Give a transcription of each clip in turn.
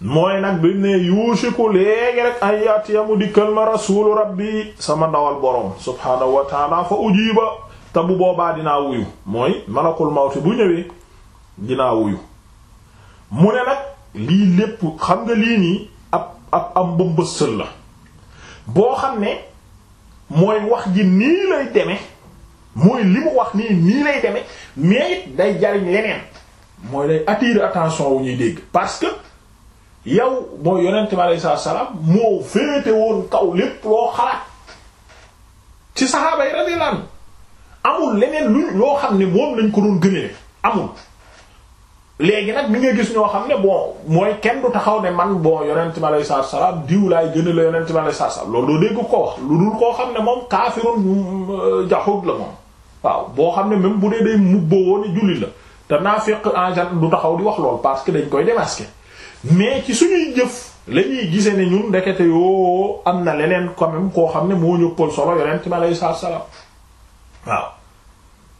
mooy nag bi ne yuusiku léegi rek an yatiya mu dikkal ma rasuulu rabbi sama ndawal borom subhaanahu fa ujiba te bu boobaa dinaa wuyu mooy malakul mawti bu ñëwee dinaa wuyu mu ne nag lii lépp xam nga lii nii ab ab am mbëmbësël la boo xam ne mooy wax ji nii lay deme mooy li mu wax nii nii lay deme mais it day jariñ leneen mooy day attirer attention wu ñuy dégg parce yow moo yonent bi aleyhi salaatu salaam moo féete woon kaw lépp loo xalaat ci saxaaba yi radiyallahu anhu amul leneen lu loo xam ne moom lañ ko doon gënee amul. léegi nag ni nga gis ñoo xam ne bon mooy kenn du taxaw ne man bon yonent bi aleyhi salaatu salaam diw laay gën la yonent bi aleyhi salaatu salaam loolu doo dégg ko wax lu dul koo xam ne moom kaafirun euh, jaxud la moom. waaw boo xam ne même bu dee day mubboo woon jullit la te naa naafiq en du taxaw di wax lool parce que dañ koy démasquer. mais ci suñuy jëf la ñuy gisee ne ñun ndekete yoo am na leneen quand même koo xam ne moo ñëppal solo yonent ci aleyhi salaatu salaam waaw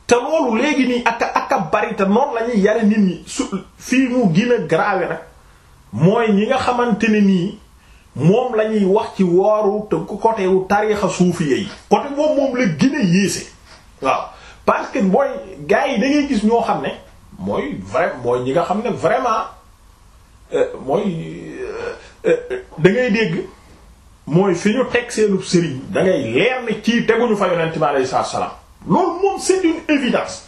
te loolu léegi nii ak a ak a bari te noonu la yare nit ñi su fii mu gën a grave nag mooy ñi nga xamante ne nii moom la ñuy wax ci wooru te côté wu tariixa suuf yi côté moom moom la gën a yéese waaw parce que mooy gars yi da gis ñoo xam ne mooy vrai mooy ñi nga xam ne vraiment. Euh, mooy euh, euh, da ngay dégg mooy fi ñu teg seenu sëriñ da ngay leer ne ci teguñu fa yonent bi alayhi salaatu salaam loolu moom c'est une évidence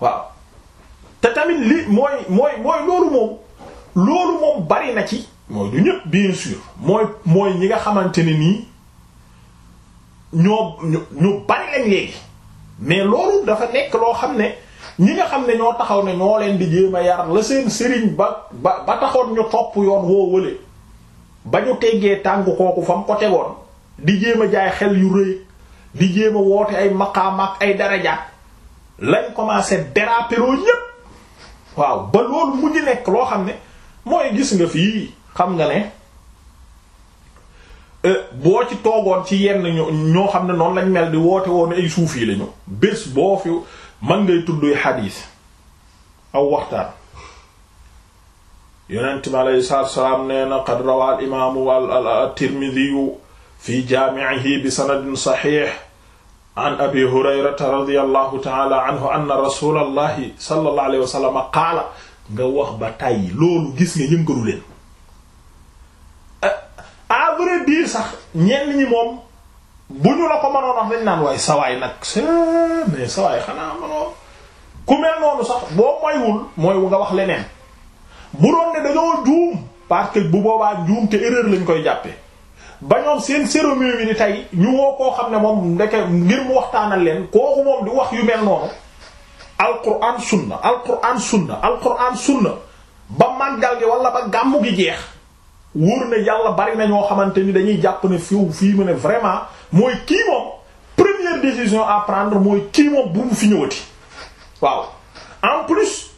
waaw te tamit li mooy mooy mooy loolu moom loolu moom bari na ci mooy du ñëpp bien sûr mooy mooy ñi nga xamante ni nii ñoo ñu bari lañ léegi mais loolu dafa nekk loo xam ne ñi nga xam ne ñoo taxaw ne ñoo leen di jéem a yar la seen sëriñ ba ba ba taxoon ñu topp yoon woo wële ba ñu teggee tàngu kooku fa mu ko tegoon di jéem a jaay xel yu rëy di jéem a woote ay maqaam ay darajaat lañ commencé déraper loo ñépp waaw ba loolu mujj nekk loo xam ne mooy gis nga fii xam nga ne euh, boo ci toogoon ci yenn ñoo xam ne noonu lañ mel di woote woon ay suuf yi lañu bés boo fi. man ngay tudduy xadiis aw waxtaan yonent bi aleyhi salaatu salaam nee na qad rawaa al imaamu at-Tirmidhi fi jaami'ihi bi sanadin saxiix an abi hurayrata radiyallahu ta'ala anhu anna rasulallahi sallallahu alayhi wa sallam qaala nga wax ba tàyyi loolu gis nga yëngalu leen euh, à vrai dire sax ñenn ñi moom bu ñu la ko mënoon wax dañ naan waaye sawaay nag c'est mais sawaay xanaa mënoo ku mel noonu sax boo moywul mooy nga wax leneen bu doon ne dañoo juum parce bu boobaa juum te erreur lañ koy jàppe ba ñoom seen cérémonie bi ni tey ñu woo koo xam ne moom ndeke ngir mu waxtaanal leen kooku moom di wax yu mel noonu alquran sunna alquran sunna alquran sunna ba màggal gi wala ba gàmmu gi jeex wóor ne yàlla bari na ñoo xamante ni dañuy jàpp ne fiw fii mu ne vraiment mooy kii moom première décision à prendre mooy kii moom bu mu fi ñëwati waaw en plus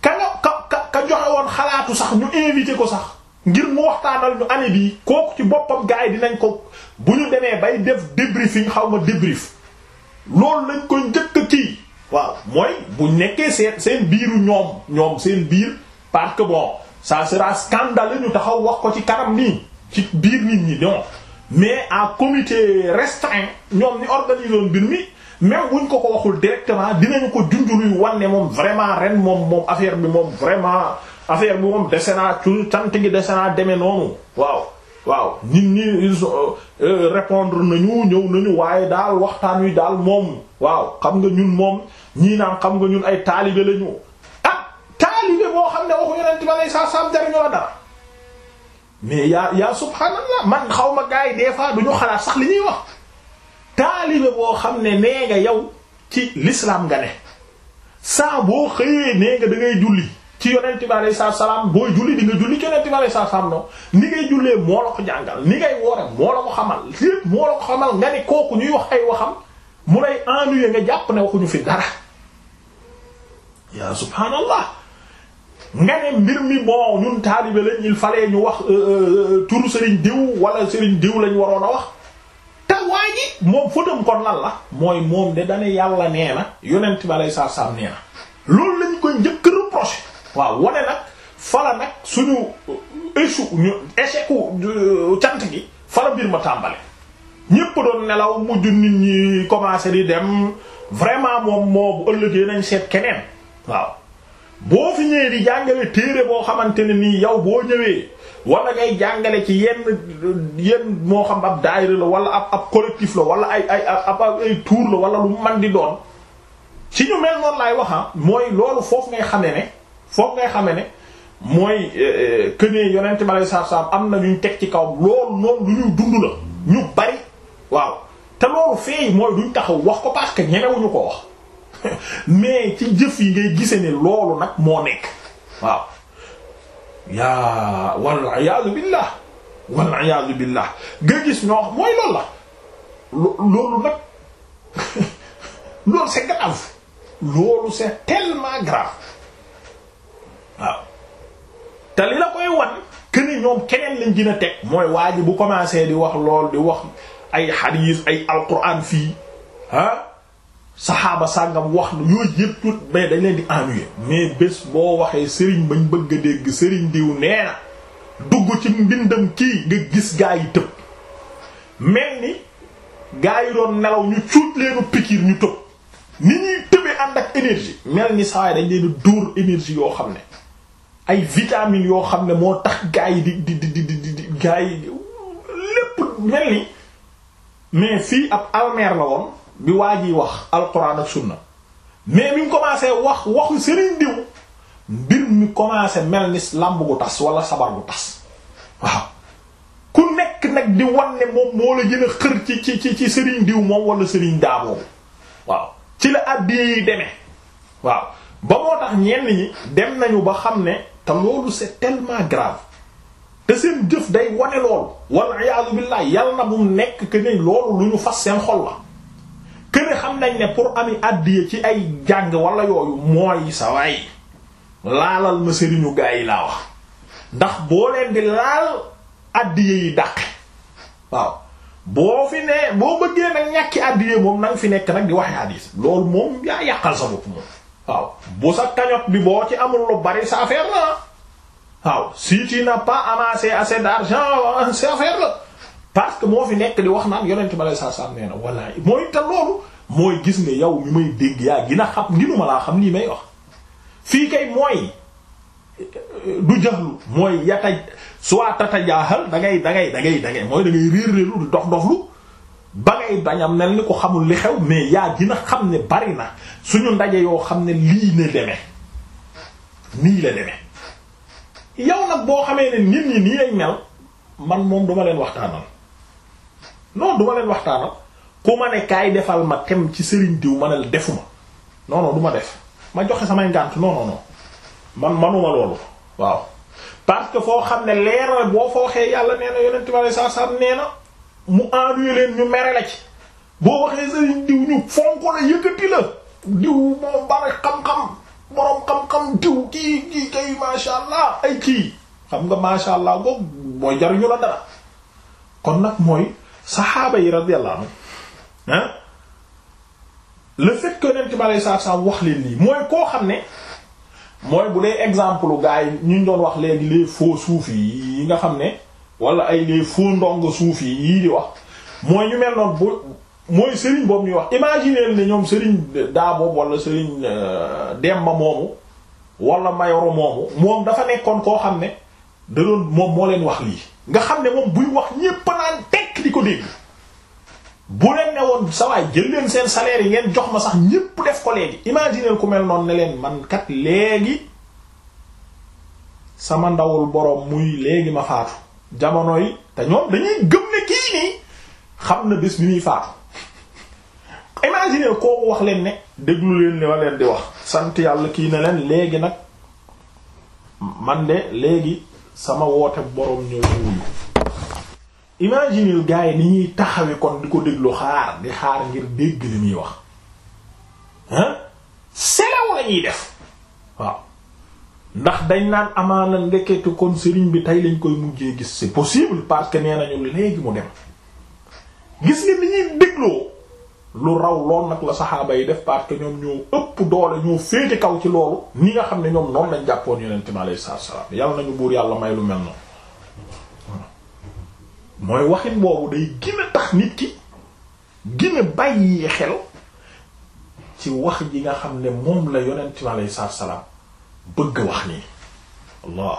ka nga ka ka joxe woon xalaatu sax ñu invité ko sax ngir mu waxtaanal ñu année bii kooku ci boppam gars yi dinañ ko bu ñu demee bay def débriefing xaw ma débrief loolu lañ koy njëkk kii waaw mooy bu nekkee seen seen biiru ñoom ñoom seen biir parce que bon ça sera scandaleux ñu taxaw wax ko ci kanam nii ci biir nit ñi donc mais en comité restreint ñoom ñi organisé woon mi même buñ ko ko waxul directement dinañu ko junjuluy wane moom vraiment ren moom moom affaire bi moom vraiment affaire bi moom dese naa tur tant gi dese demee noonu waaw. waaw nit ñi ils euh, euh, nañu ñëw nañu waaye daal waxtaan wi daal moom waaw xam nga ñun moom ñii naan xam nga ñun ay taalibe lañu ah taalibe boo xam ne waxu yonent bi alayhi salaam jariñoo dara. mais yaa yaa subhaanallah man xaw ma gars yi des fois du ñu xalaat sax li ñuy wax taalibe boo xam ne nee nga yow ci l'islam nga ne saa boo xëyee nee nga da ngay julli ci yonent bi alayhi salaam booy julli julli ci yonent bi alayhi salaam non ni ngay jullee moo la ko jàngal ni ngay woore moo la ko xamal lépp moo la ko xamal nga ne kooku ñuy wax ay waxam mu lay ennuyer nga jàpp ne waxuñu fi dara yaa subhaanallah nga ne mbir mi bon ñun taalibe lañ il fallait ñu wax euh, euh, euh, turu Serigne diw wala Serigne diw lañu waroon a wax te waa moom fëtam kon lan la mooy moom de dane yàlla nee na yonent bi alei saatu nee na loolu lañ koy njëkk reproché waaw wane nag fala nag suñu échou ñu gi fala mbir ma tàmbale ñépp doon nelaw mujj nit ñi commencé di dem vraiment moom moo bu ëllëgee nañ seet keneen waaw boo fi ñëwee di jàngale téere boo xamante ne nii yow boo ñëwee wala ngay jàngale ci yenn yenn moo xam ab daayira la wala ab ab la wala ay ay ab la wala lu man di doon ci ñu mel noonu laay wax ah, mooy loolu foofu ngay xame ne foofu ngay xame ne mooy euh, euh, que ne yonent ma lay saabsaab am na ñu ñu teg ci kaw loolu noonu lu ñuy dund la ñu bari waaw te loolu feey mooy duñ taxaw wax ko parce que ñemewuñu ko wax. mais ci jëf yi ngay gise ne loolu nag moo nekk waaw yaa wal iyaadu billah wal iyaadu billah nga gis ñoo mooy loolu la loolu nag loolu c'est grave loolu c'est tellement grave waaw te li la koy wan que ni ñoom keneen lañ gën a teg mooy waa ji bu commencé di wax lool di wax ay xadiis ay alquran fii ah, saxaaba sàngam wax na yooyu yëpp tout mais dañ leen di ennuyer mais bés boo waxee sëriñ bañ bëgg a dégg sëriñ diw nee na dugg ci mbindam kii nga gis gaa yi tëb mel ni gaa yi doon nelaw ñu cuut leenu pikiir ñu tëb ni ñuy tëbee ànd ak énergie mel ni saa dañ leen di dóor yoo xam ne ay vitamines yoo xam ne moo tax gaa yi di di di di di gaa yi lépp mel ni mais fii ab almer la woon bi waa jiy wax alquran ak sunna mais mi ngi commencé wax waxu sëriñ diw mbir mi commencé mel ni làmb gu tas wala sabar gu tas waaw ku nekk nag di wan ne moom moo la gën xër ci ci ci sëriñ diw moom wala sëriñ daaboobu waaw ci la addiyee yi demee waaw ba moo tax ñenn ñi dem nañu ba xam ne te loolu c'est tellement grave te seen jëf day wane loolu wal iyaadu billaah yàlla na bu nekk que ne loolu lu ñu fas seen xol la këne xam nañ ne pour ami àddiya ci ay jàng walla yooyu mooy sa waay laalal ma sëriñu gaa yi laa wax ndax boo leen di laal àddiya yi dàqe waaw boo fi ne boo bëggee nag ñàkki àddiya moom nanga fi nekk nag di waxe hadis loolu moom yaa yàqal sa bopp moom waaw bu sa cagnotte bi boo ci amul lu bari sa affaire la waaw si tu n'as pas amassé assez d'argent sa affaire la parce que moo fi nekk di wax naan yonent ma lay saa saa nee na walaay mooy te loolu mooy gis ni yow mi may dégg yaa gina xam ginu ma laa xam nii may wax fii kay mooy du jaxlu mooy yataj soit tatajaaxal da ngay dangay ngay da ngay da mooy da ngay réer réeru di dox doxlu ba ngay bañam mel ni ko xamul li xew mais yaa gina xam ne bari na suñu ndaje yoo xam ne lii na demee nii la demee yow nag boo xamee ne nit ñi nii lañ mel man moom duma leen waxtaanal non du ma leen waxtaanal ku ma ne defal ma tem ci sëriñ diw ma ne la defu ma non def ma joxe samay ngànt non non man manuma loolu waaw parce que foo xam ne leer boo fa waxee yàlla nee na yonent bi sallallahu alayhi nee na mu ennuye leen ñu mere la ci boo waxee sëriñ diw ñu fonk la yëkkati la diw moom bari xam-xam borom xam-xam diw kii kii kay masha allah ay kii xam nga masha allah goog mooy jariñu la dara kon nag mooy saxaaba yi radiyallahu anhu ah le fait que yonent bi aleyhi wax leen lii mooy koo xam ne mooy bu dee exemple gaa yi ñu doon wax léegi les faux soufi yi nga xam ne wala ay les faux ndong soufi yii di wax mooy ñu mel noonu bu mooy Serigne boobu ñuy wax imaginer ne ñoom Serigne daa boobu wala Serigne euh, Demba moomu wala Mayoro moomu moom dafa nekkoon koo xam ne da doon moom moo leen wax lii nga xam ne moom buy wax ñépp naan teg nekk di ko dégg bu leen ne woon sa jël leen seen salaire yi ngeen jox ma sax ñépp def ko léegi imaginer ku mel noonu ne leen man léegi sama ndawul boroom muy léegi ma faatu jamono yi te ñoom dañuy gëm ne kii nii xam na bés bi muy faatu imaginer kooku wax leen ne déglu leen li ma leen di wax sant yàlla kii ne leen léegi nag man de léegi sama woote boroom ñëw wuyu imaginez gars yi ni ñuy taxawe kon di ko déglu xaar di xaar ngir dégg li muy wax ah selaw la def waaw ndax dañ naan amaana ndekete kon sëriñ bi tey lañ koy mujjee gis c'est possible parce que nee nañu léegi mu dem gis nga ni ñuy dégloo lu raw lool nag la saxaaba yi def parce que ñoom ñoo ëpp doole ñoo féete kaw ci loolu ni nga xam ne ñoom noonu lañ jàppoon yonent bi alayhi salaatu wa salaam yàlla nañu buur yàlla may lu mel noonu mooy waxin boobu day gën a tax nit ki gën a bàyyi xel ci wax ji nga xam ne moom la yonent bi alayhi salaam bëgg wax nii Allah